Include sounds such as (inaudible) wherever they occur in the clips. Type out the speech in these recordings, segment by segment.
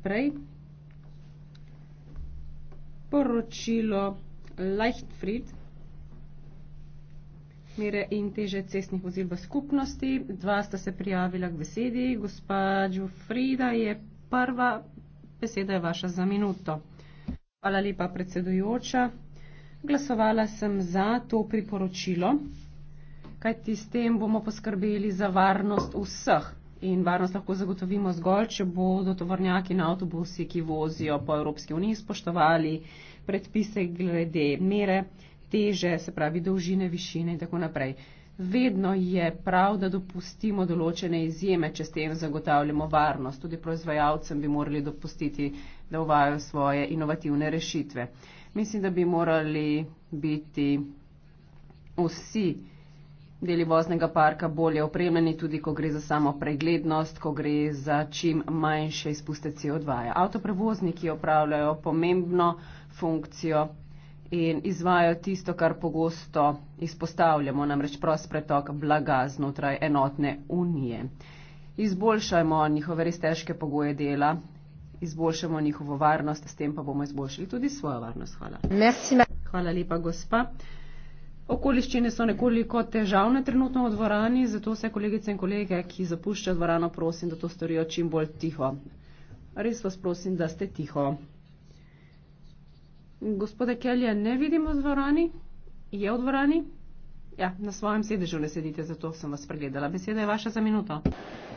naprej. Poročilo Leichtfried mere in teže cestnih vozil v skupnosti. Dva sta se prijavila k besedi. Gospa Frida je prva. Beseda je vaša za minuto. Hvala lepa, predsedujoča. Glasovala sem za to priporočilo, kajti s tem bomo poskrbeli za varnost vseh in varnost lahko zagotovimo zgolj, če bodo tovornjaki in avtobusi, ki vozijo po Evropski uniji, spoštovali predpise glede mere, teže, se pravi dolžine, višine in tako naprej. Vedno je prav, da dopustimo določene izjeme, če s tem zagotavljamo varnost. Tudi proizvajalcem bi morali dopustiti, da uvajajo svoje inovativne rešitve. Mislim, da bi morali biti vsi Deli voznega parka bolje opremljeni, tudi ko gre za samo preglednost, ko gre za čim manjše izpuste CO2. Avtoprevozniki opravljajo pomembno funkcijo in izvajo tisto, kar pogosto izpostavljamo, namreč prost pretok blaga znotraj enotne unije. Izboljšajmo njihove res težke pogoje dela, izboljšamo njihovo varnost, s tem pa bomo izboljšali tudi svojo varnost. Hvala. Merci. Hvala lepa, gospa. Okoliščine so nekoliko težavne trenutno v dvorani, zato vse kolegice in kolege, ki zapuščajo dvorano, prosim, da to storijo čim bolj tiho. Res vas prosim, da ste tiho. Gospode Kelje, ne vidimo v dvorani? Je v dvorani? Ja, na svojem sedežu ne sedite, zato sem vas pregledala. Beseda je vaša za minuto.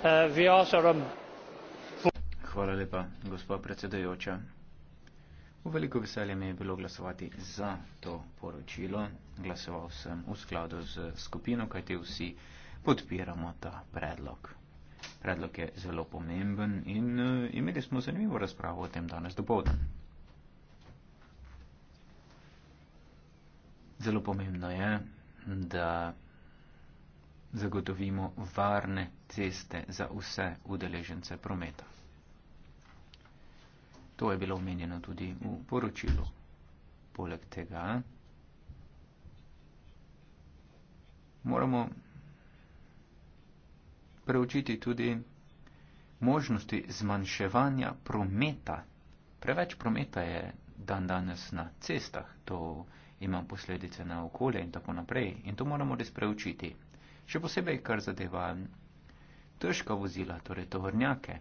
Eh, Hvala lepa, gospod predsedajoča. V veliko veselje mi je bilo glasovati za to poročilo. Glasoval sem v skladu z skupino, kajti vsi podpiramo ta predlog. Predlog je zelo pomemben in uh, imeli smo zanimivo razpravo o tem danes dopoldan. Zelo pomembno je, da zagotovimo varne ceste za vse udeležence prometa. To je bilo omenjeno tudi v poročilu. Poleg tega moramo preučiti tudi možnosti zmanjševanja prometa. Preveč prometa je dan danes na cestah, to ima posledice na okolje in tako naprej. In to moramo res preučiti. Še posebej, kar zadeva težka vozila, torej tovrnjake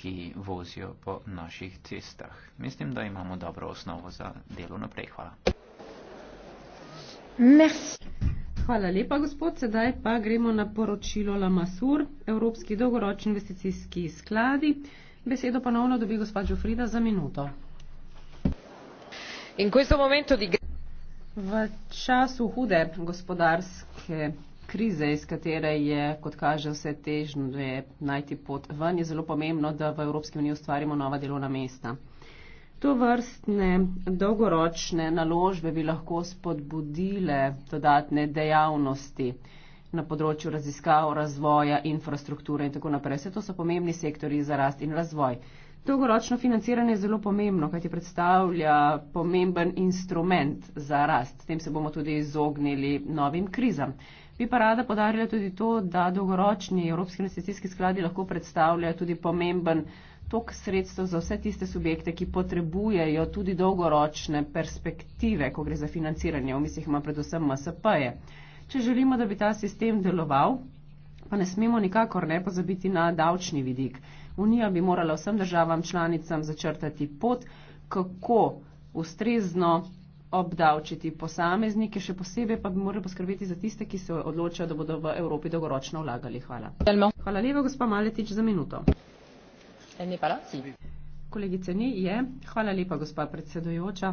ki vozijo po naših cestah. Mislim, da imamo dobro osnovo za delo naprej. Hvala. Merci. Hvala lepa, gospod. Sedaj pa gremo na poročilo Lamasur, Evropski dolgoročni investicijski skladi. Besedo ponovno dobi gospod Žofrida za minuto. In v, di... v času hude gospodarske krize, iz katere je, kot kaže, vse težno je najti pot ven, je zelo pomembno, da v Evropski uniji ustvarimo nova delovna mesta. To vrstne dolgoročne naložbe bi lahko spodbudile dodatne dejavnosti na področju raziskav, razvoja, infrastrukture in tako naprej. Vse to so pomembni sektori za rast in razvoj. Dolgoročno financiranje je zelo pomembno, kajti predstavlja pomemben instrument za rast. S tem se bomo tudi izognili novim krizam. Bi pa rada podarila tudi to, da dolgoročni evropski investicijski skladi lahko predstavljajo tudi pomemben tok sredstev za vse tiste subjekte, ki potrebujejo tudi dolgoročne perspektive, ko gre za financiranje, v mislih ima predvsem MSP-je. Če želimo, da bi ta sistem deloval, pa ne smemo nikakor ne pozabiti na davčni vidik. Unija bi morala vsem državam članicam začrtati pot, kako ustrezno obdavčiti posameznike, še posebej pa bi morali poskrbeti za tiste, ki se odločajo, da bodo v Evropi dolgoročno vlagali. Hvala. Hvala lepa, gospa Maletič, za minuto. Kolegice ni, je. Hvala lepa, gospa predsedujoča.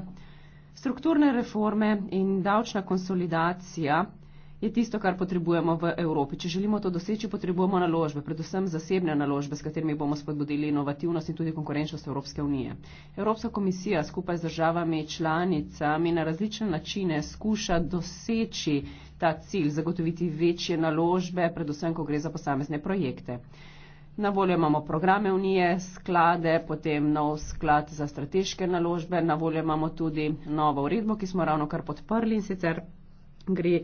Strukturne reforme in davčna konsolidacija je tisto, kar potrebujemo v Evropi. Če želimo to doseči, potrebujemo naložbe, predvsem zasebne naložbe, s katerimi bomo spodbudili inovativnost in tudi konkurenčnost Evropske unije. Evropska komisija skupaj z državami članicami na različne načine skuša doseči ta cilj, zagotoviti večje naložbe, predvsem, ko gre za posamezne projekte. Na voljo imamo programe unije, sklade, potem nov sklad za strateške naložbe, na voljo imamo tudi novo uredbo, ki smo ravno kar podprli in sicer gre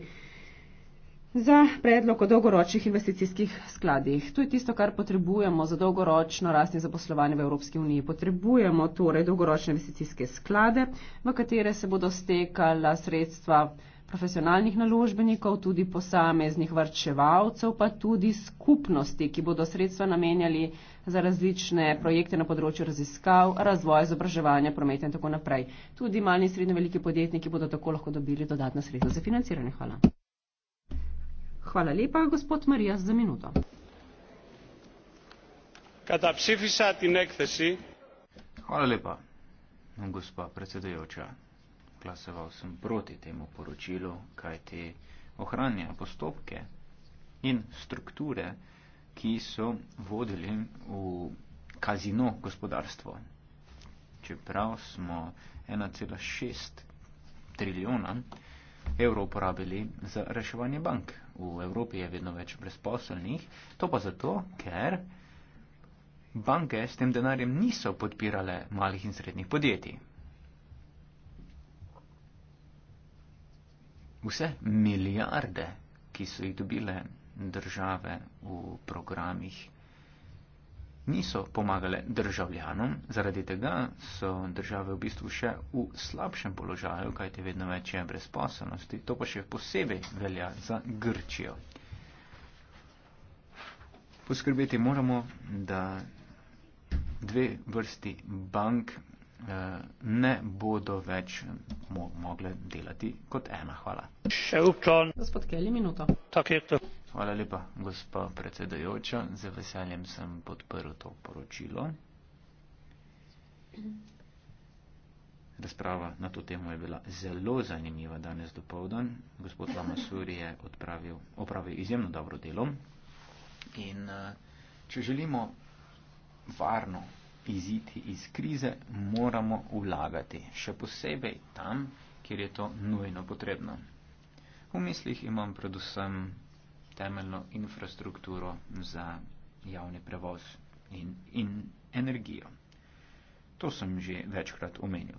Za predlog o dolgoročnih investicijskih skladih. To je tisto, kar potrebujemo za dolgoročno rast in zaposlovanje v Evropski uniji. Potrebujemo torej dolgoročne investicijske sklade, v katere se bodo stekala sredstva profesionalnih naložbenikov, tudi posameznih varčevalcev, pa tudi skupnosti, ki bodo sredstva namenjali za različne projekte na področju raziskav, razvoja, izobraževanja, prometa in tako naprej. Tudi mali in srednje veliki podjetniki bodo tako lahko dobili dodatna sredstva za financiranje. Hvala. Hvala lepa, gospod Marijas, za minuto. Hvala lepa, gospa predsedujoča. Glasoval sem proti temu poročilu, kajti ohranja postopke in strukture, ki so vodili v kazino gospodarstvo. Čeprav smo 1,6 trilijona evro uporabili za reševanje bank. V Evropi je vedno več brezposelnih, to pa zato, ker banke s tem denarjem niso podpirale malih in srednjih podjetij. Vse milijarde, ki so jih dobile države v programih niso pomagale državljanom, zaradi tega so države v bistvu še v slabšem položaju, kajte vedno več je brezposobnosti. To pa še posebej velja za Grčijo. Poskrbeti moramo, da dve vrsti bank Eh, ne bodo več mo mogle delati kot ena. Hvala. Gospod Kelly, minuto. Hvala lepa, gospa predsedajoča. Z veseljem sem podprl to poročilo. Razprava na to temo je bila zelo zanimiva danes do povdan. Gospod Lamasur je odpravil, opravil izjemno dobro delo. In eh, če želimo varno iziti iz krize, moramo vlagati, še posebej tam, kjer je to nujno potrebno. V mislih imam predvsem temeljno infrastrukturo za javni prevoz in, in energijo. To sem že večkrat omenil.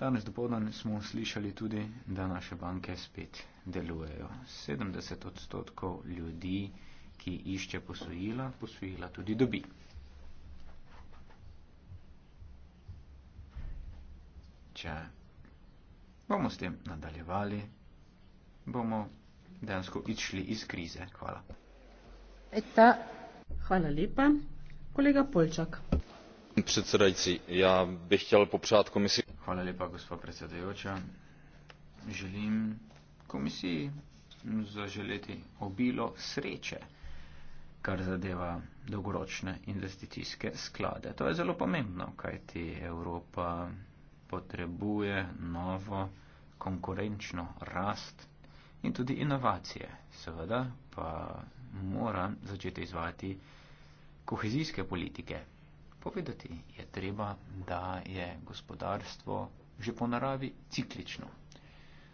Danes dopoldan smo slišali tudi, da naše banke spet delujejo. 70 odstotkov ljudi ki išče posojila, posojila tudi dobi. Če bomo s tem nadaljevali, bomo dejansko išli iz krize. Hvala. Eta, hvala lepa. Kolega Polčak. Predsedajci, ja bi htjel popšat komisijo. Hvala lepa, gospod predsedajoča. Želim komisiji zaželeti obilo sreče kar zadeva dolgoročne investicijske sklade. To je zelo pomembno, kajti Evropa potrebuje novo konkurenčno rast in tudi inovacije. Seveda pa mora začeti izvajati kohezijske politike. Povedati je treba, da je gospodarstvo že po naravi ciklično.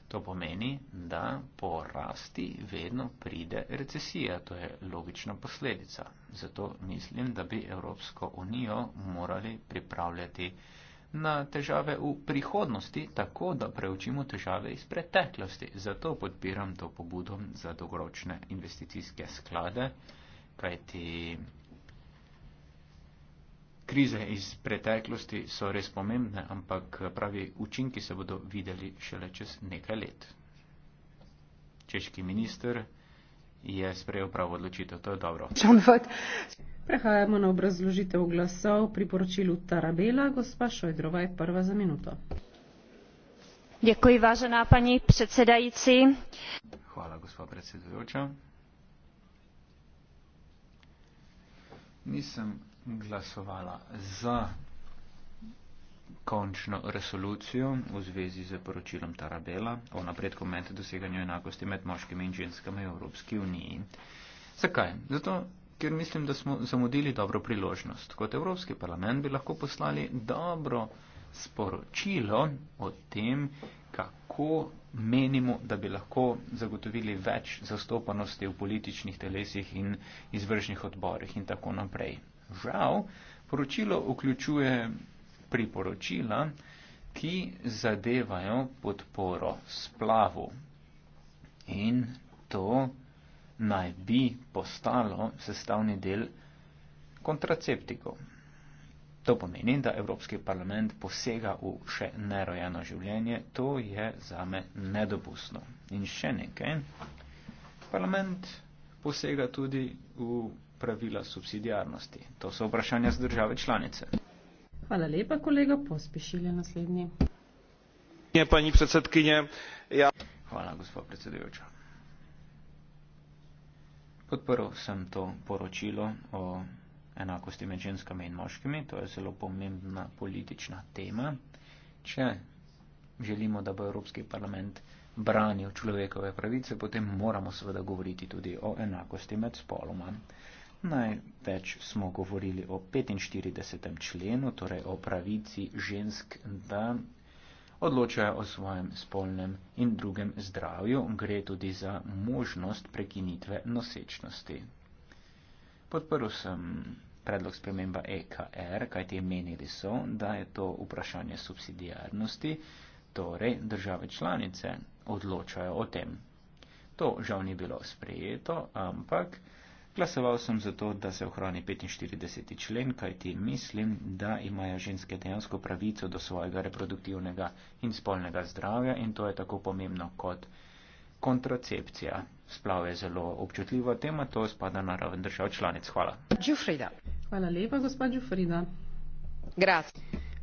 To pomeni, da po rasti vedno pride recesija. To je logična posledica. Zato mislim, da bi Evropsko unijo morali pripravljati na težave v prihodnosti, tako da preučimo težave iz preteklosti. Zato podpiram to pobudo za dolgoročne investicijske sklade, kajti krize iz preteklosti so res pomembne, ampak pravi učinki se bodo videli šele čez nekaj let. Češki minister je sprejel pravo odločitev, to je dobro. Prehajamo na obrazložitev glasov pri poročilu Tarabela. Gospa Šojdrova je prva za minuto. Děkuji, vážená paní předsedající. Hvala, gospa predsedujoča. Nisem glasovala za končno resolucijo v zvezi z poročilom Tarabela o napredku med doseganju enakosti med moškimi in ženskami v Evropski uniji. Zakaj? Zato, ker mislim, da smo zamudili dobro priložnost. Kot Evropski parlament bi lahko poslali dobro sporočilo o tem, kako menimo, da bi lahko zagotovili več zastopanosti v političnih telesih in izvršnih odborih in tako naprej. Žal, poročilo vključuje priporočila, ki zadevajo podporo splavu. In to naj bi postalo sestavni del kontraceptikov. To pomeni, da Evropski parlament posega v še nerojeno življenje. To je zame nedopustno. In še nekaj. Parlament posega tudi v pravila subsidijarnosti. To so vprašanja z države članice. Hvala lepa, kolega. Pospešili naslednji. Ja, ja. Hvala, gospod predsedujoča. Podprl sem to poročilo o enakosti med ženskami in moškimi. To je zelo pomembna politična tema. Če želimo, da bo Evropski parlament branil človekove pravice, potem moramo seveda govoriti tudi o enakosti med spoloma. Največ smo govorili o 45. členu, torej o pravici žensk, da odločajo o svojem spolnem in drugem zdravju, gre tudi za možnost prekinitve nosečnosti. Podprl sem predlog sprememba EKR, kajti menili so, da je to vprašanje subsidijarnosti, torej države članice odločajo o tem. To žal ni bilo sprejeto, ampak. Glasoval sem za to, da se ohrani 45. člen, kajti mislim, da imajo ženske dejansko pravico do svojega reproduktivnega in spolnega zdravja in to je tako pomembno kot kontracepcija. Splav je zelo občutljiva tema, to spada na raven držav članic. Hvala. Giuffrida. Hvala lepa, gospod Giuffrida. Grazie.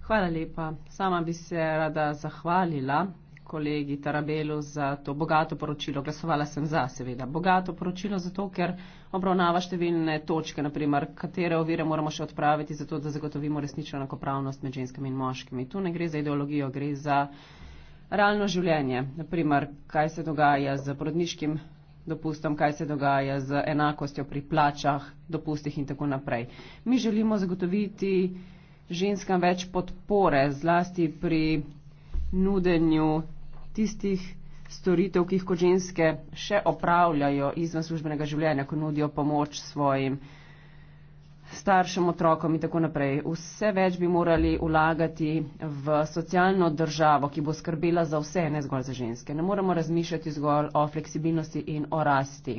Hvala lepa. Sama bi se rada zahvalila kolegi Tarabelu za to bogato poročilo. Glasovala sem za, seveda. Bogato poročilo zato, ker obravnava številne točke, naprimer, katere ovire moramo še odpraviti, zato da zagotovimo resnično enakopravnost med ženskami in moškimi. Tu ne gre za ideologijo, gre za realno življenje. Naprimer, kaj se dogaja z porodniškim dopustom, kaj se dogaja z enakostjo pri plačah, dopustih in tako naprej. Mi želimo zagotoviti ženskam več podpore, zlasti pri nudenju tistih storitev, ki jih kot ženske še opravljajo izven službenega življenja, ko nudijo pomoč svojim staršem, otrokom in tako naprej. Vse več bi morali vlagati v socialno državo, ki bo skrbela za vse, ne zgolj za ženske. Ne moremo razmišljati zgolj o fleksibilnosti in o rasti.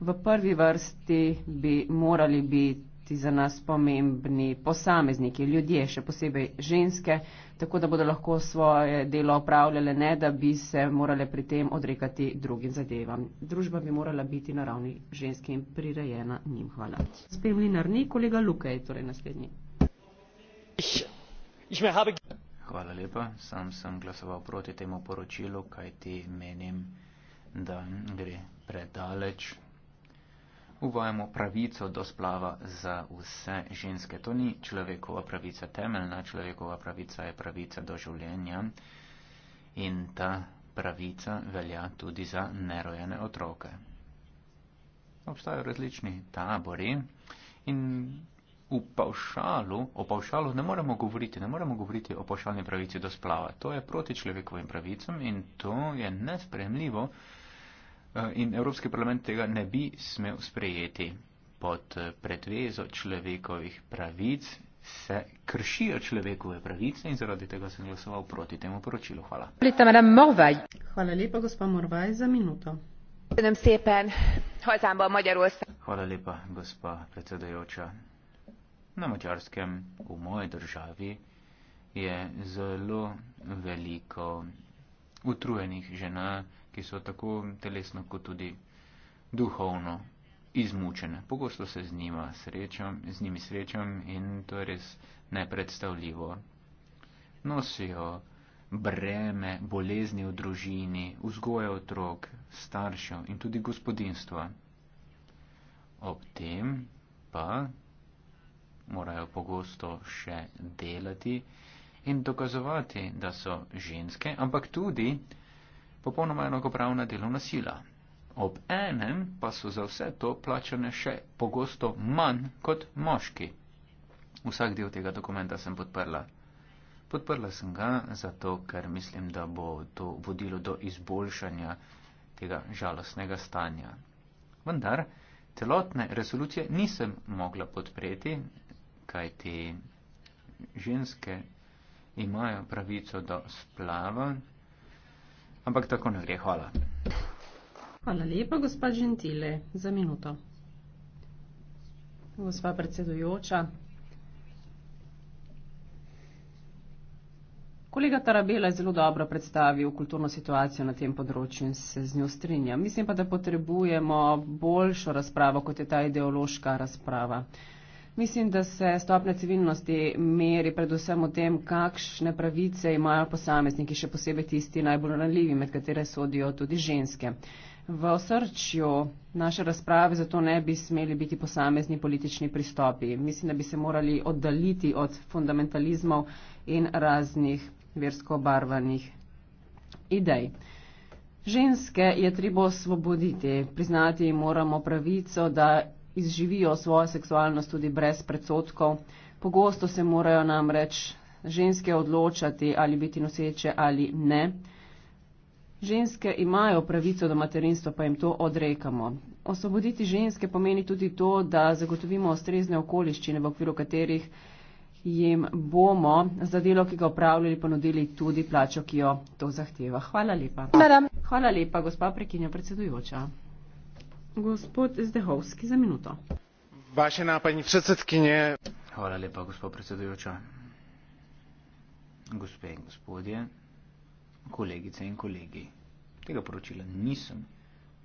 V prvi vrsti bi morali biti ti za nas pomembni posamezniki, ljudje, še posebej ženske, tako da bodo lahko svoje delo opravljale, ne da bi se morale pri tem odrekati drugim zadevam. Družba bi morala biti na ravni ženske in prirejena njim. Hvala. Spremljena ni kolega Lukaj, torej naslednji. Hvala lepa. Sam sem glasoval proti temu poročilu, kaj ti menim, da gre predaleč, uvajamo pravico do splava za vse ženske. To ni človekova pravica temeljna, človekova pravica je pravica do življenja in ta pravica velja tudi za nerojene otroke. Obstajajo različni tabori in v pavšalu, o pavšalu ne moremo govoriti, ne moremo govoriti o pavšalni pravici do splava. To je proti človekovim pravicam in to je nespremljivo. Eh, in Evropski parlament tega ne bi smel sprejeti. Pod eh, predvezo človekovih pravic se kršijo človekove pravice in zaradi tega sem glasoval proti temu poročilu. Hvala. Hvala lepa, gospa Morvaj, za minuto. Hvala lepa, gospa predsedajoča. Na mačarskem, v moji državi, je zelo veliko utrujenih žena, ki so tako telesno kot tudi duhovno izmučene. Pogosto se z, srečam, z njimi srečam in to je res nepredstavljivo. Nosijo breme, bolezni v družini, vzgoje otrok, staršev in tudi gospodinstva. Ob tem pa morajo pogosto še delati in dokazovati, da so ženske, ampak tudi, popolnoma enakopravna delovna sila. Ob enem pa so za vse to plačane še pogosto manj kot moški. Vsak del tega dokumenta sem podprla. Podprla sem ga zato, ker mislim, da bo to vodilo do izboljšanja tega žalostnega stanja. Vendar celotne resolucije nisem mogla podpreti, kajti ženske imajo pravico do splava ampak tako ne gre. Hvala. Hvala lepa, gospa Gentile, za minuto. Gospa predsedujoča. Kolega Tarabela je zelo dobro predstavil kulturno situacijo na tem področju in se z njo strinjam. Mislim pa, da potrebujemo boljšo razpravo, kot je ta ideološka razprava. Uh, Mislim, da se stopne civilnosti meri predvsem o tem, kakšne pravice imajo posamezniki, še posebej tisti najbolj ranljivi, med katere sodijo tudi ženske. V osrčju naše razprave zato ne bi smeli biti posamezni politični pristopi. Mislim, da bi se morali oddaliti od fundamentalizmov in raznih versko obarvanih idej. Ženske je treba osvoboditi, priznati jim moramo pravico, da izživijo svojo seksualnost tudi brez predsotkov. Pogosto se morajo namreč ženske odločati, ali biti noseče ali ne. Ženske imajo pravico do materinstva, pa jim to odrekamo. Osvoboditi ženske pomeni tudi to, da zagotovimo ustrezne okoliščine, v okviru katerih jim bomo za delo, ki ga upravljali, ponudili tudi plačo, ki jo to zahteva. Hvala lepa. Hvala lepa, gospa prekinja predsedujoča gospod Zdehovski za minuto. Vašena paní predsedkinje. Hvala lepa, gospod predsedujoča. Gospe in gospodje, kolegice in kolegi, tega poročila nisem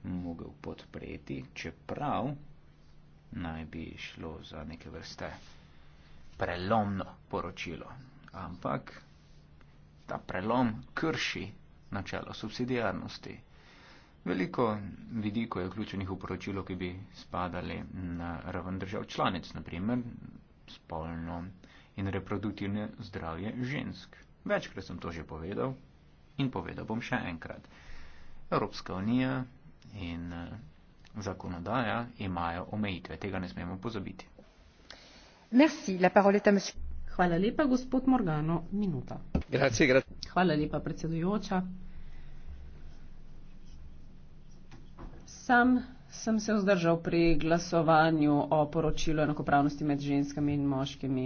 mogel podpreti, čeprav naj bi šlo za neke vrste prelomno poročilo. Ampak ta prelom krši načelo subsidijarnosti. Veliko vidikov je vključenih v poročilo, ki bi spadali na raven držav članic, naprimer spolno in reproduktivne zdravje žensk. Večkrat sem to že povedal in povedal bom še enkrat. Evropska unija in eh, zakonodaja imajo omejitve, tega ne smemo pozabiti. Merci, la parole est à monsieur. Hvala lepa, gospod Morgano, minuta. Grazie, grazie. Hvala lepa, predsedujoča. Sam sem se vzdržal pri glasovanju o poročilu enakopravnosti med ženskami in moškimi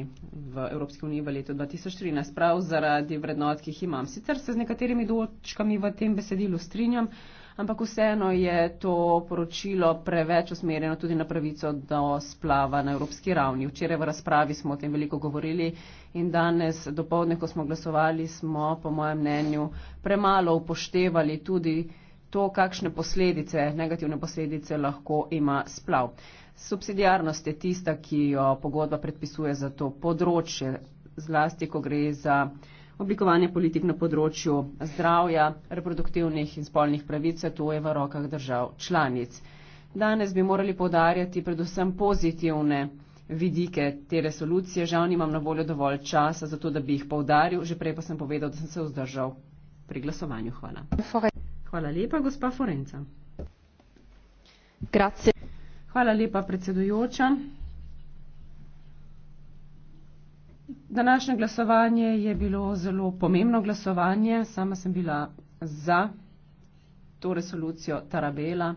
v Evropski uniji v letu 2013, prav zaradi vrednot, ki jih imam. Sicer se z nekaterimi določkami v tem besedilu strinjam, ampak vseeno je to poročilo preveč usmerjeno tudi na pravico do splava na evropski ravni. Včeraj v razpravi smo o tem veliko govorili in danes dopovdne, ko smo glasovali, smo po mojem mnenju premalo upoštevali tudi to, kakšne posledice, negativne posledice lahko ima splav. Subsidijarnost je tista, ki jo pogodba predpisuje za to področje, zlasti, ko gre za oblikovanje politik na področju zdravja, reproduktivnih in spolnih pravice, to je v rokah držav članic. Danes bi morali podarjati predvsem pozitivne vidike te resolucije. Žal nimam na voljo dovolj časa za to, da bi jih povdaril. Že prej pa sem povedal, da sem se vzdržal pri glasovanju. Hvala. Fora. Hvala lepa, gospa Forenca. Grazie. Hvala lepa, predsedujoča. Današnje glasovanje je bilo zelo pomembno glasovanje. Sama sem bila za to resolucijo Tarabela.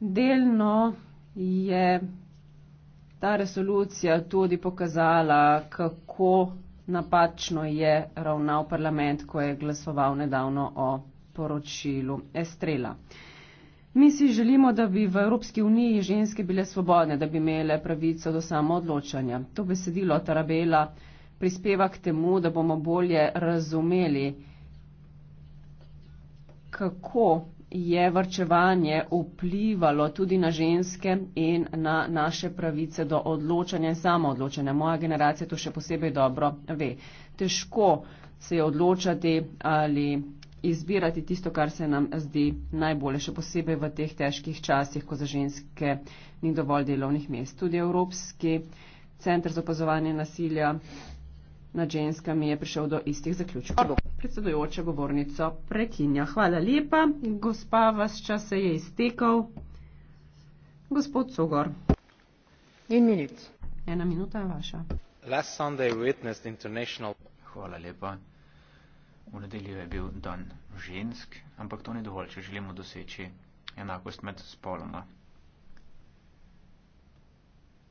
Delno je ta resolucija tudi pokazala, kako napačno je ravnal parlament, ko je glasoval nedavno o poročilu Estrela. Mi si želimo, da bi v Evropski uniji ženske bile svobodne, da bi imele pravico do samoodločanja. To besedilo Tarabela prispeva k temu, da bomo bolje razumeli, kako je vrčevanje vplivalo tudi na ženske in na naše pravice do odločanja in samoodločanja. Moja generacija to še posebej dobro ve. Težko se je odločati ali izbirati tisto, kar se nam zdi najbolje, še posebej v teh težkih časih, ko za ženske ni dovolj delovnih mest. Tudi Evropski center za opazovanje nasilja nad ženskami je prišel do istih zaključkov predsedujoča govornico prekinja. Hvala lepa. Gospa, vas čas se je iztekal. Gospod Sogor. In minut. Ena minuta je vaša. Last Sunday witnessed international. Hvala lepa. V nedeljo je bil dan žensk, ampak to ni dovolj, če želimo doseči enakost med spoloma.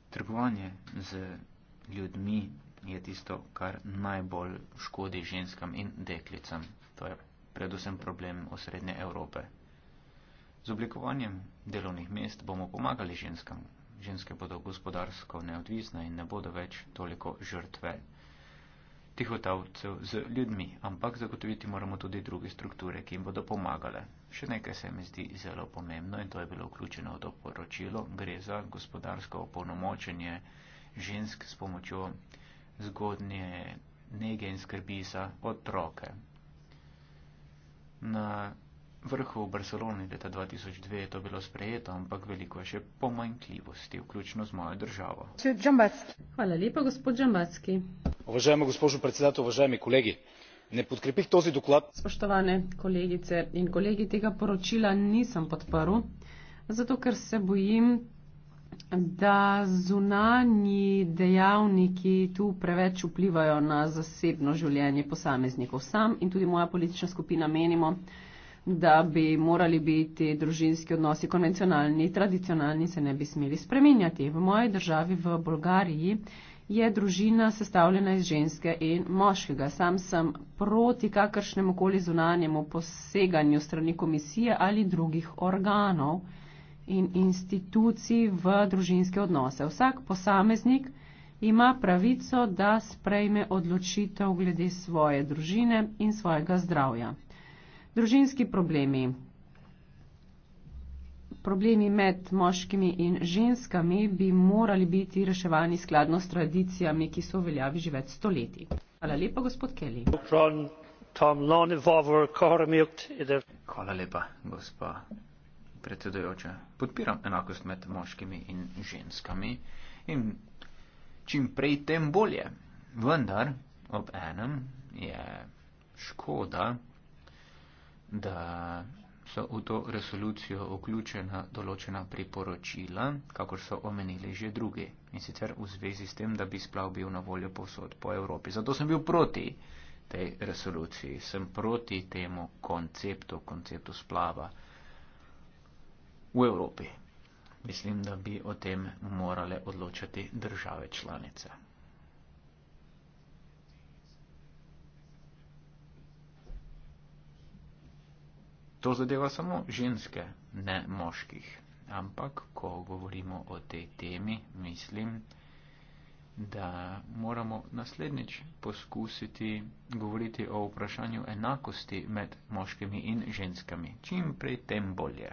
Trgovanje z ljudmi je tisto, kar najbolj škodi ženskam in deklicam. To je predvsem problem osrednje Evrope. Z oblikovanjem delovnih mest bomo pomagali ženskam. Ženske bodo gospodarsko neodvisne in ne bodo več toliko žrtve tihotavcev z ljudmi, ampak zagotoviti moramo tudi druge strukture, ki jim bodo pomagale. Še nekaj se mi zdi zelo pomembno in to je bilo vključeno v to poročilo. Gre za gospodarsko opolnomočenje žensk s pomočjo zgodnje nege in skrbi za otroke. Na vrhu v Barceloni leta 2002 je to bilo sprejeto, ampak veliko je še pomanjkljivosti, vključno z mojo državo. Hvala lepa, gospod Džambacki. Uvažajmo, gospod predsedatelj, uvažajmi kolegi. Ne podkrepih tozi doklad. Spoštovane kolegice in kolegi, tega poročila nisem podprl, zato ker se bojim da zunanji dejavniki tu preveč vplivajo na zasebno življenje posameznikov. Sam in tudi moja politična skupina menimo, da bi morali biti družinski odnosi konvencionalni, tradicionalni, se ne bi smeli spreminjati. V moji državi, v Bolgariji, je družina sestavljena iz ženske in moškega. Sam sem proti kakršnemu koli zunanjemu poseganju strani komisije ali drugih organov in institucij v družinske odnose. Vsak posameznik ima pravico, da sprejme odločitev glede svoje družine in svojega zdravja. Družinski problemi. Problemi med moškimi in ženskami bi morali biti reševani skladno s tradicijami, ki so veljavi že več stoletij. Hvala lepa, gospod Kelly. Hvala lepa, gospa predsedojoča, podpiram enakost med moškimi in ženskami in čim prej tem bolje. Vendar ob enem je škoda, da so v to resolucijo vključena določena priporočila, kakor so omenili že drugi, in sicer v zvezi s tem, da bi splav bil na voljo povsod po Evropi. Zato sem bil proti tej resoluciji, sem proti temu konceptu, konceptu splava v Evropi. Mislim, da bi o tem morale odločati države članice. To zadeva samo ženske, ne moških. Ampak, ko govorimo o tej temi, mislim, da da moramo naslednjič poskusiti govoriti o vprašanju enakosti med moškimi in ženskami. Čim prej, tem bolje.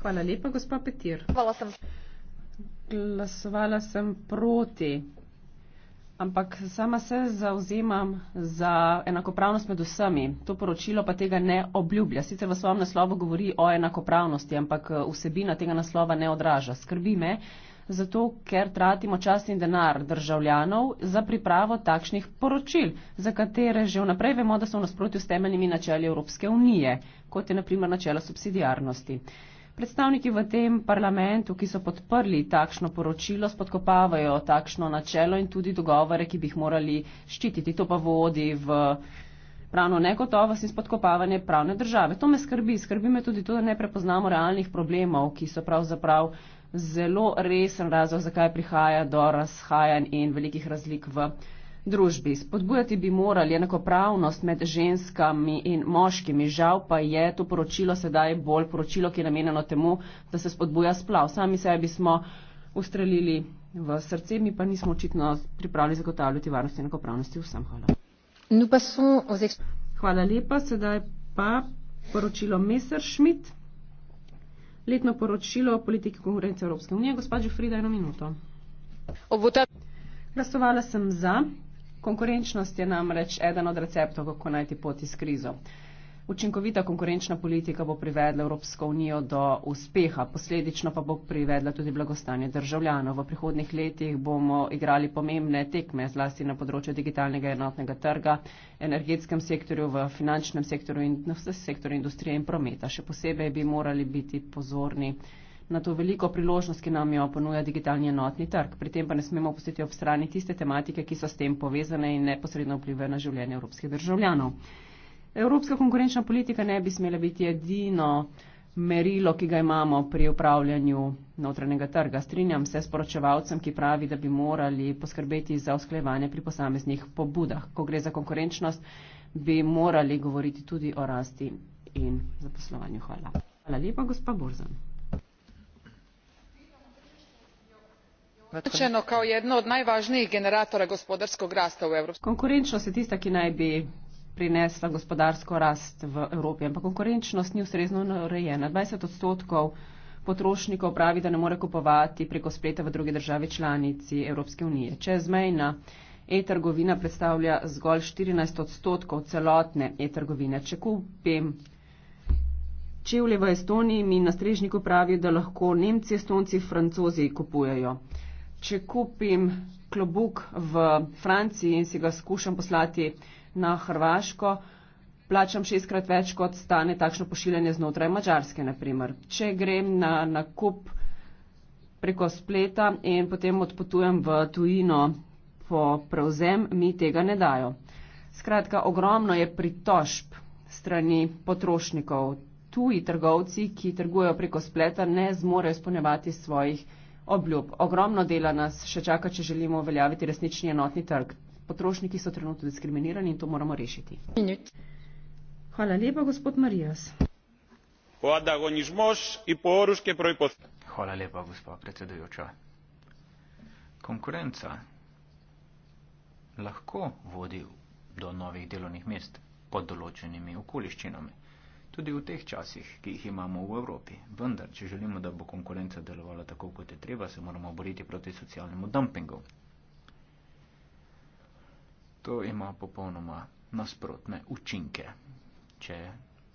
Hvala lepa, gospod Petir. Hvala sem. Glasovala sem proti, ampak sama se zauzemam za enakopravnost med vsemi. To poročilo pa tega ne obljublja. Sicer v svojem naslovu govori o enakopravnosti, ampak eh, vsebina tega naslova ne odraža. Skrbi me, zato ker tratimo čas in denar državljanov za pripravo takšnih poročil, za katere že vnaprej vemo, da so v nasprotju s temeljnimi načeli Evropske unije, kot je naprimer načelo subsidijarnosti. Predstavniki v tem parlamentu, ki so podprli takšno poročilo, spodkopavajo takšno načelo in tudi dogovore, ki bi jih morali ščititi. To pa vodi v pravno negotovost in spodkopavanje pravne države. To me skrbi. Skrbi me tudi to, da ne prepoznamo realnih problemov, ki so pravzaprav zelo resen razlog, zakaj prihaja do razhajanj in velikih razlik v družbi. Spodbujati bi morali enakopravnost med ženskami in moškimi. Žal pa je to poročilo sedaj bolj poročilo, ki je namenjeno temu, da se spodbuja splav. Sami sebi smo ustrelili v srce, mi pa nismo očitno pripravljeni zagotavljati varnosti in enakopravnosti vsem. Hvala. Hvala lepa. Sedaj pa poročilo Messerschmidt. Letno poročilo o politiki konkurence Evropske unije. Gospod Žufrida, eno minuto. Glasovala sem za. Konkurenčnost je namreč eden od receptov, kako najti pot iz krizo. Učinkovita konkurenčna politika bo privedla Evropsko unijo do uspeha, posledično pa bo privedla tudi blagostanje državljanov. V prihodnih letih bomo igrali pomembne tekme, zlasti na področju digitalnega enotnega trga, energetskem sektorju, v finančnem sektorju in na vse sektorje industrije in prometa. Še posebej bi morali biti pozorni na to veliko priložnost, ki nam jo ponuja digitalni enotni trg. Pri tem pa ne smemo pustiti ob strani tiste tematike, ki so s tem povezane in neposredno vplivajo na življenje evropskih državljanov evropska konkurenčna politika ne bi smela biti edino merilo, ki ga imamo pri upravljanju notranjega trga. Strinjam se s poročevalcem, ki pravi, da bi morali poskrbeti za usklejevanje pri posameznih pobudah. Ko gre za konkurenčnost, bi morali govoriti tudi o rasti in zaposlovanju. Hvala. Hvala lepa, gospa Burzan. Konkurenčnost je tista, ki naj bi prinesla gospodarsko rast v Evropi, ampak konkurenčnost ni ustrezno narejena. 20 odstotkov potrošnikov pravi, da ne more kupovati preko spleta v druge države članici Evropske unije. Čezmejna e-trgovina predstavlja zgolj 14 odstotkov celotne e-trgovine. Če kupim čevlje v Estoniji, mi na strežniku pravijo, da lahko Nemci, Estonci, Francozi kupujejo. Če kupim klobuk v Franciji in si ga skušam poslati na Hrvaško, plačam šestkrat več, kot stane takšno pošiljanje znotraj Mačarske, naprimer. Če grem na nakup preko spleta in potem odpotujem v tujino po prevzem, mi tega ne dajo. Skratka, ogromno je pritožb strani potrošnikov. Tuji trgovci, ki trgujejo preko spleta, ne zmorejo izpolnjevati svojih obljub. Ogromno dela nas še čaka, če želimo uveljaviti resnični enotni trg potrošniki so trenutno diskriminirani in to moramo rešiti. Minut. Hvala lepa, gospod Marijas. Hvala lepa, gospod predsedujoča. Konkurenca lahko vodi do novih delovnih mest pod določenimi okoliščinami. Tudi v teh časih, ki jih imamo v Evropi. Vendar, če želimo, da bo konkurenca delovala tako, kot je treba, se moramo boriti proti socialnemu dumpingu to ima popolnoma nasprotne učinke. Če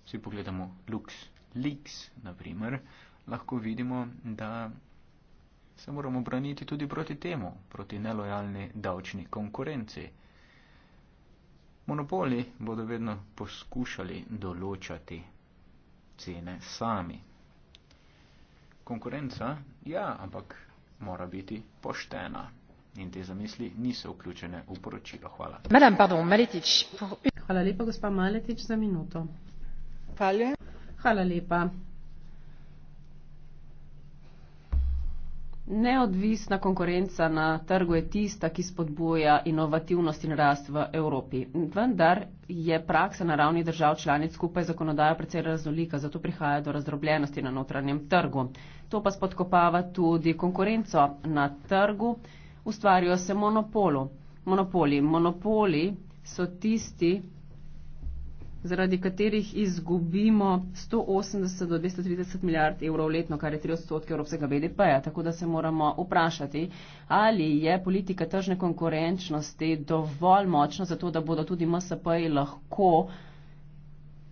si pogledamo LuxLeaks, naprimer, lahko vidimo, da se moramo braniti tudi proti temu, proti nelojalni davčni konkurenci. Monopoli bodo vedno poskušali določati cene sami. Konkurenca, ja, ampak mora biti poštena in te zamisli niso vključene v poročilo. Hvala. Madame, pardon, Maletič. Hvala lepa, gospa Maletič, za minuto. Hvala, Hvala lepa. Neodvisna konkurenca na trgu je tista, ki spodbuja inovativnost in rast v Evropi. Vendar je praksa na ravni držav članic skupaj zakonodaja precej raznolika, zato prihaja do razdrobljenosti na notranjem trgu. To pa spodkopava tudi konkurenco na trgu, ustvarijo se monopolu. monopoli. Monopoli so tisti, zaradi katerih izgubimo 180 do 230 milijard evrov letno, kar je 3 odstotke evropskega BDP-ja. Tako da se moramo vprašati, ali je politika tržne konkurenčnosti dovolj močna za to, da bodo tudi MSP-ji lahko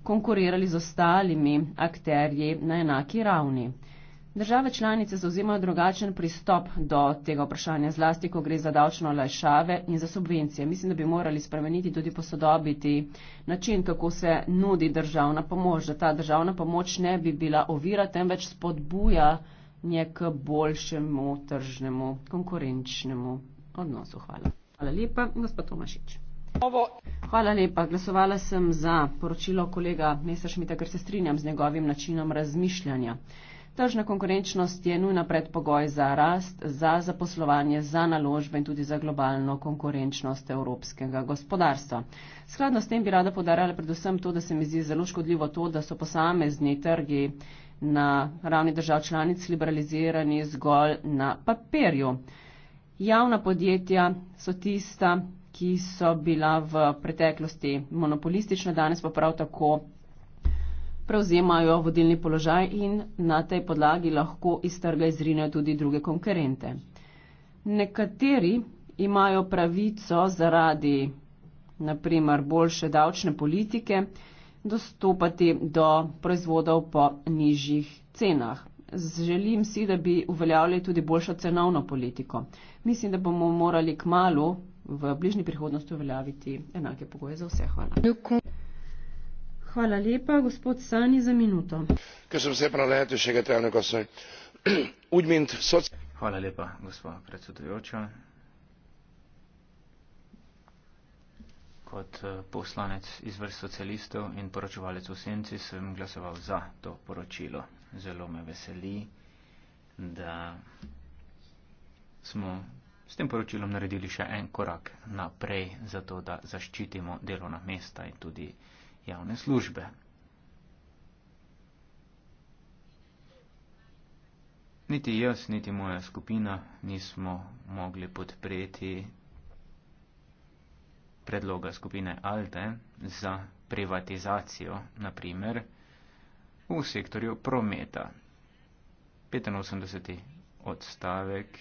konkurirali z ostalimi akterji na enaki ravni. Države članice zauzemajo drugačen pristop do tega vprašanja, zlasti, ko gre za davčno lajšave in za subvencije. Mislim, da bi morali spremeniti tudi posodobiti način, kako se nudi državna pomoč, da ta državna pomoč ne bi bila ovira, temveč spodbuja nek boljšemu tržnemu konkurenčnemu odnosu. Hvala. Hvala lepa, gospod Tomašič. Hvala lepa. Glasovala sem za poročilo kolega Mesa Šmita, ker se strinjam z njegovim načinom razmišljanja. Tržna konkurenčnost je nujna predpogoj za rast, za zaposlovanje, za naložbe in tudi za globalno konkurenčnost evropskega gospodarstva. Skladno s tem bi rada podarjala predvsem to, da se mi zdi zelo škodljivo to, da so posamezni trgi na ravni držav članic liberalizirani zgolj na papirju. Javna podjetja so tista, ki so bila v preteklosti monopolistična, danes pa prav tako prevzemajo vodilni položaj in na tej podlagi lahko iz trga izrinejo tudi druge konkurente. Nekateri imajo pravico zaradi naprimer boljše davčne politike dostopati do proizvodov po nižjih cenah. Želim si, da bi uveljavljali tudi boljšo cenovno politiko. Mislim, da bomo morali k malu v bližnji prihodnosti uveljaviti enake pogoje za vse. Hvala. Dokum (clears throat) kot eh, poslanec iz vrst socialistov in poročevalec v senci sem glasoval za to poročilo. Zelo me veseli, da smo s tem poročilom naredili še en korak naprej, zato da zaščitimo delovna mesta in tudi javne službe. Niti jaz, niti moja skupina nismo mogli podpreti predloga skupine Alde za privatizacijo, naprimer, v sektorju prometa. 85. odstavek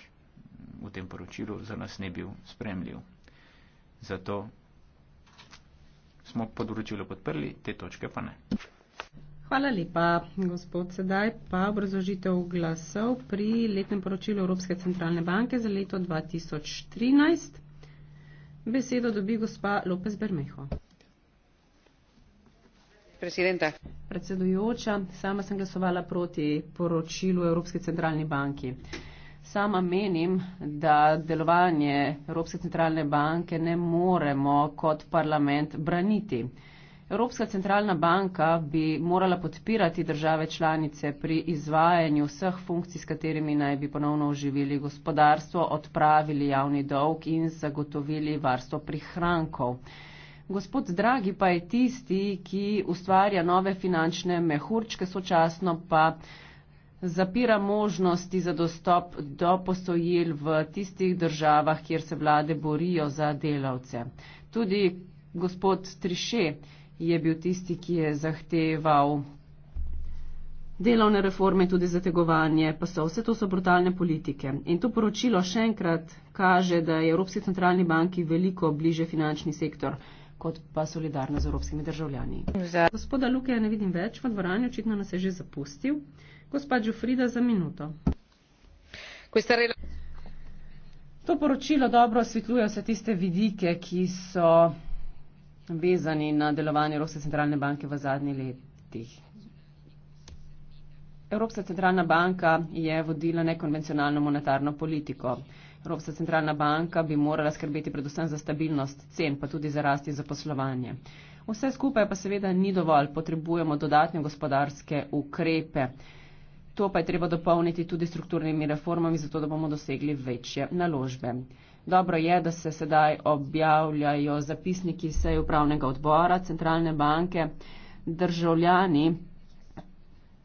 v tem poročilu za nas ne bil spremljiv. Zato smo podoročilo podprli, te točke pa ne. Hvala lepa, gospod. Sedaj pa obrazložitev glasov pri letnem poročilu Evropske centralne banke za leto 2013. Besedo dobi gospa López Bermejo. Presidenta. Predsedujoča, sama sem glasovala proti poročilu Evropske centralne banke. Sama menim, da delovanje Evropske centralne banke ne moremo kot parlament braniti. Evropska centralna banka bi morala podpirati države članice pri izvajanju vseh funkcij, s katerimi naj bi ponovno oživili gospodarstvo, odpravili javni dolg in zagotovili varstvo prihrankov. Gospod Dragi pa je tisti, ki ustvarja nove finančne mehurčke, sočasno pa zapira možnosti za dostop do posojil v tistih državah, kjer se vlade borijo za delavce. Tudi gospod Triše je bil tisti, ki je zahteval delovne reforme, tudi zategovanje, pa so vse to so brutalne politike. In to poročilo še enkrat kaže, da je Evropski centralni banki veliko bliže finančni sektor kot pa solidarno z evropskimi državljani. Za gospoda Lukeja ne vidim več v dvorani, očitno nas je že zapustil. Gospa Džufrida za minuto. To poročilo dobro osvetljuje vse tiste vidike, ki so vezani na delovanje Evropske centralne banke v zadnjih letih. Evropska centralna banka je vodila nekonvencionalno monetarno politiko. Evropska centralna banka bi morala skrbeti predvsem za stabilnost cen, pa tudi za rasti za poslovanje. Vse skupaj pa seveda ni dovolj, potrebujemo dodatne gospodarske ukrepe. To pa je treba dopolniti tudi strukturnimi reformami, zato da bomo dosegli večje naložbe. Dobro je, da se sedaj objavljajo zapisniki sej upravnega odbora centralne banke. Državljani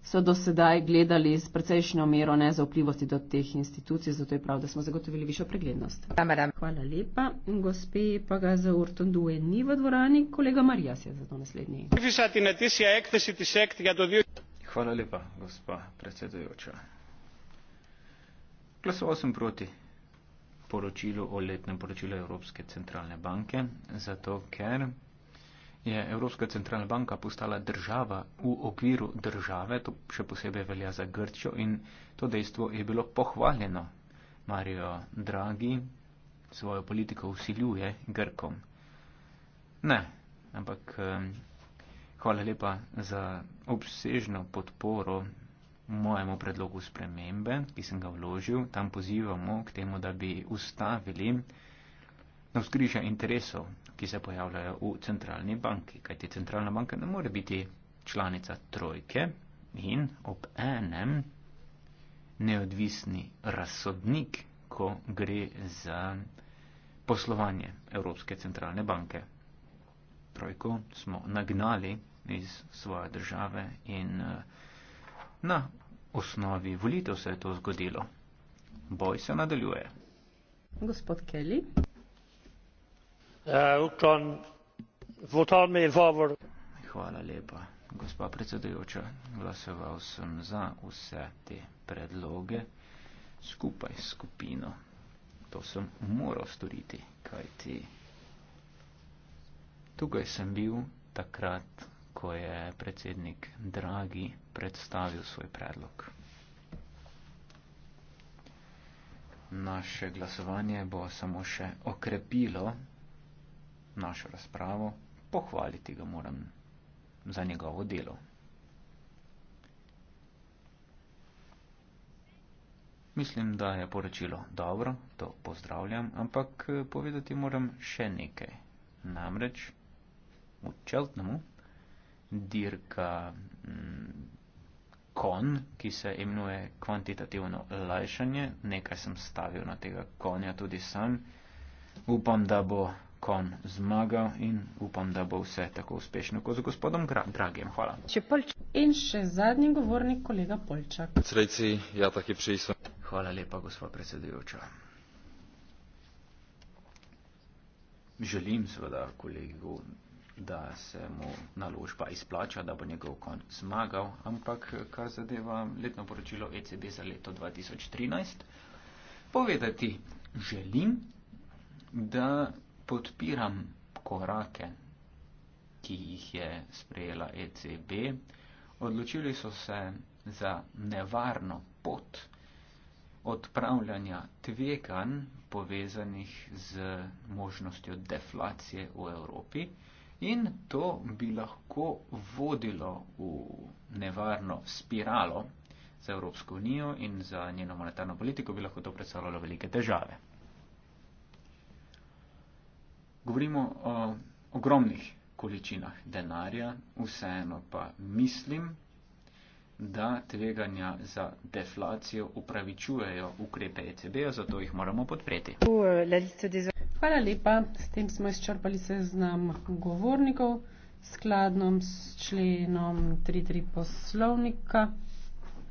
so do sedaj gledali s precejšnjo mero nezaupljivosti do teh institucij, zato je prav, da smo zagotovili višjo preglednost. Ja, Hvala lepa. Gospe pa ga za Orton Due ni v dvorani, kolega Marijas je za to naslednji. Ja, Hvala lepa, gospa predsedujoča. Glasoval sem proti poročilu o letnem poročilu Evropske centralne banke, zato ker je Evropska centralna banka postala država v okviru države, to še posebej velja za Grčijo in to dejstvo je bilo pohvaljeno. Mario Draghi svojo politiko usiljuje Grkom. Ne, ampak hvala lepa za obsežno podporo mojemu predlogu spremembe, ki sem ga vložil. Tam pozivamo k temu, da bi ustavili navzkrižja interesov ki se pojavljajo v centralni banki, kajti centralna banka ne more biti članica trojke in ob enem neodvisni razsodnik, ko gre za poslovanje Evropske centralne banke. Trojko smo nagnali iz svoje države in eh, na osnovi volitev se je to zgodilo. Boj se nadaljuje. Gospod Kelly. Eh, Hvala lepa, gospa predsedujoča. Glasoval sem za vse te predloge skupaj s skupino. To sem moral storiti, kajti tukaj sem bil takrat, ko je predsednik Dragi predstavil svoj predlog. Naše glasovanje bo samo še okrepilo našo razpravo, pohvaliti ga moram za njegovo delo. Mislim, da je poročilo dobro, to pozdravljam, ampak eh, povedati moram še nekaj. Namreč v Čeltnemu dirka mm, kon, ki se imenuje kvantitativno lajšanje, nekaj sem stavil na tega konja tudi sam, upam, da bo kon zmagal in upam, da bo vse tako uspešno kot z gospodom Dragem. Hvala. In še zadnji govornik, kolega Polčak. Sreci, ja, taki prisem. Hvala lepa, gospod predsedujoča. Želim seveda kolegu, da se mu naložba izplača, da bo njegov kon zmagal, ampak kar zadeva letno poročilo ECB za leto 2013, povedati želim, da podpiram korake, ki jih je sprejela ECB. Odločili so se za nevarno pot odpravljanja tvegan povezanih z možnostjo deflacije v Evropi in to bi lahko vodilo v nevarno spiralo za Evropsko unijo in za njeno monetarno politiko bi lahko to predstavljalo velike težave. Govorimo o ogromnih količinah denarja, vseeno pa mislim, da tveganja za deflacijo upravičujejo ukrepe ECB-ja, zato jih moramo podpreti. Hvala lepa, s tem smo izčrpali seznam govornikov skladnom s členom 3.3 poslovnika.